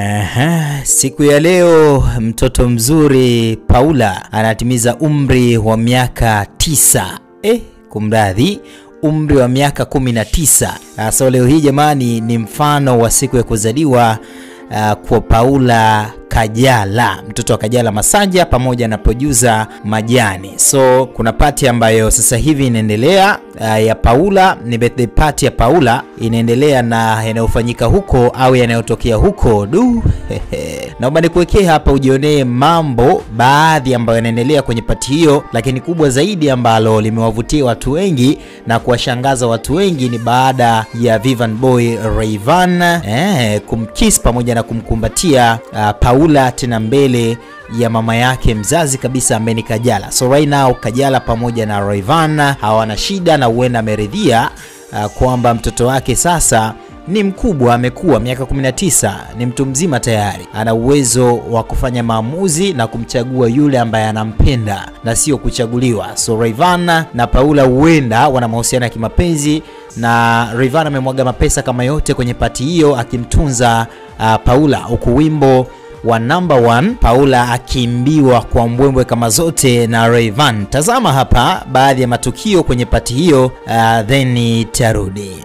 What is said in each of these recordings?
Aha, siku ya leo mtoto mzuri Paula anatimiza umri wa miaka tisa. Eh, kumradhi umri wa miaka 19. So leo hii jamani, ni mfano wa siku ya kuzaliwa uh, kwa Paula Kajala, mtoto wa Kajala Masanja pamoja na producer Majani. So kuna pati ambayo sasa hivi inaendelea uh, ya Paula, ni birthday party ya Paula inaendelea na yanayofanyika huko au yanayotokea huko. Du, naomba nikuwekee hapa ujionee mambo baadhi ambayo yanaendelea kwenye pati hiyo, lakini kubwa zaidi ambalo limewavutia watu wengi na kuwashangaza watu wengi ni baada ya Vivian Boy Rayvanny eh, kumkiss pamoja na kumkumbatia uh, Paula ula tena mbele ya mama yake mzazi kabisa ambaye ni Kajala. So right now Kajala pamoja na Rayvanny hawana shida na huenda ameridhia uh, kwamba mtoto wake sasa ni mkubwa, amekuwa miaka 19, ni mtu mzima tayari, ana uwezo wa kufanya maamuzi na kumchagua yule ambaye anampenda na sio kuchaguliwa. So Rayvanny na Paula huenda wana mahusiano ya kimapenzi na Rayvanny amemwaga mapesa kama yote kwenye pati hiyo akimtunza uh, Paula, huku wimbo wa number one Paula akiimbiwa kwa mbwembwe kama zote na Rayvanny. Tazama hapa baadhi ya matukio kwenye pati hiyo, uh, then itarudi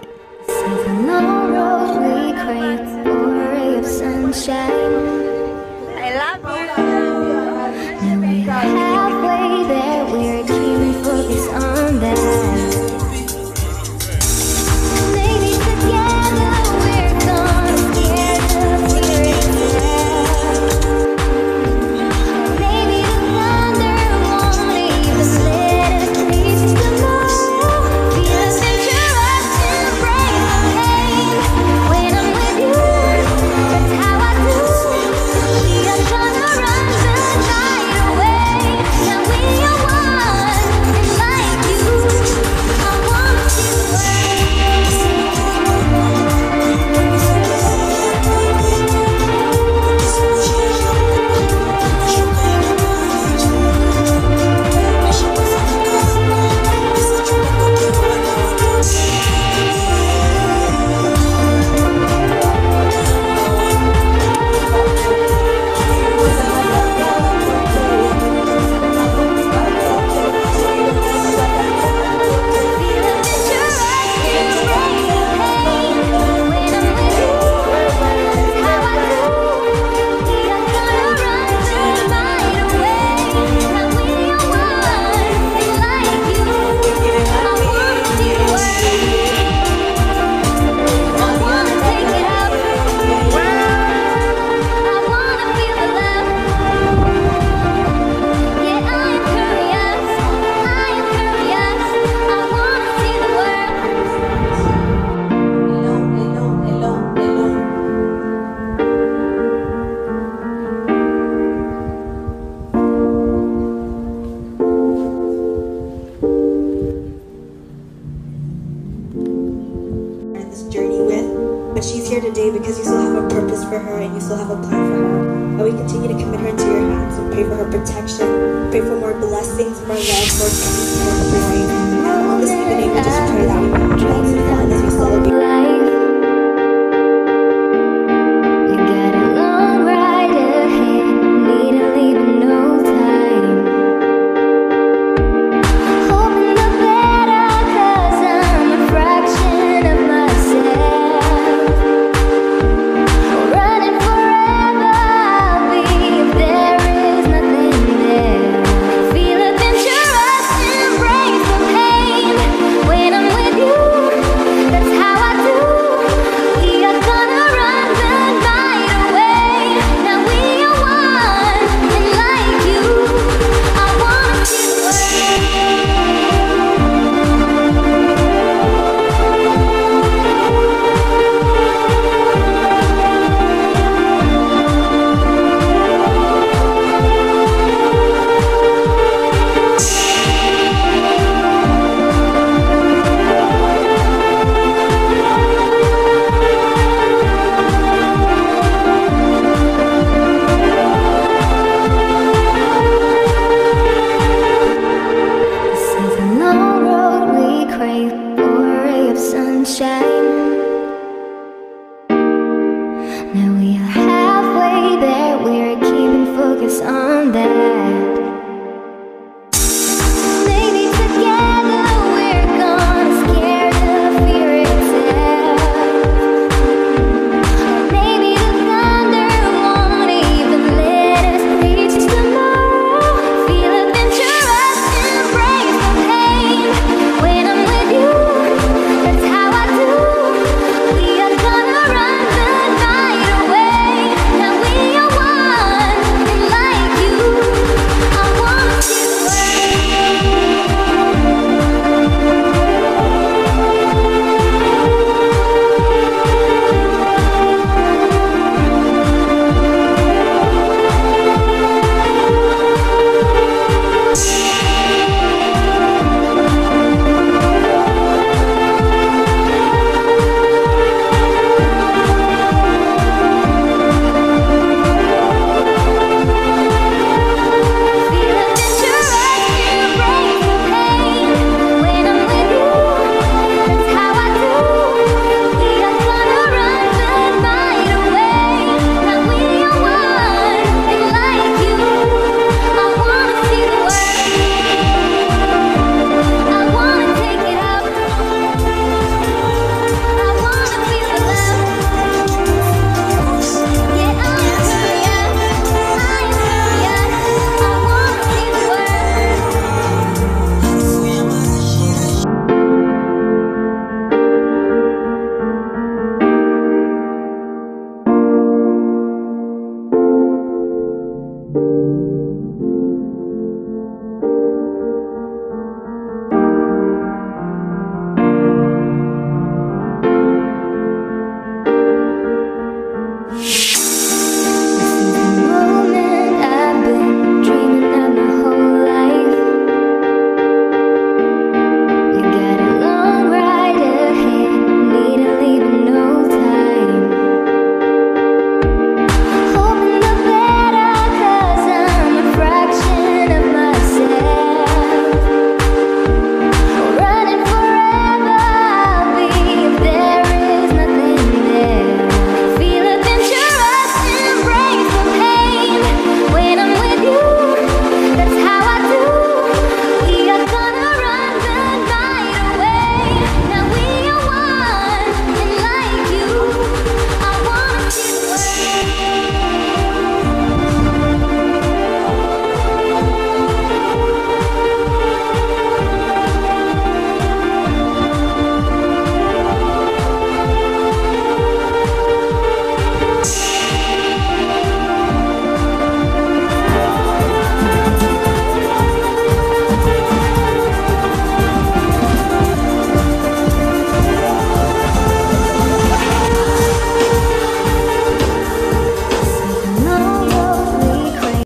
still have a purpose for her and you still have a plan for her. And we continue to commit her into your hands and pray for her protection, pray for more blessings, more love, more peace, more joy. This evening, we just pray that we know Jesus, and as we celebrate.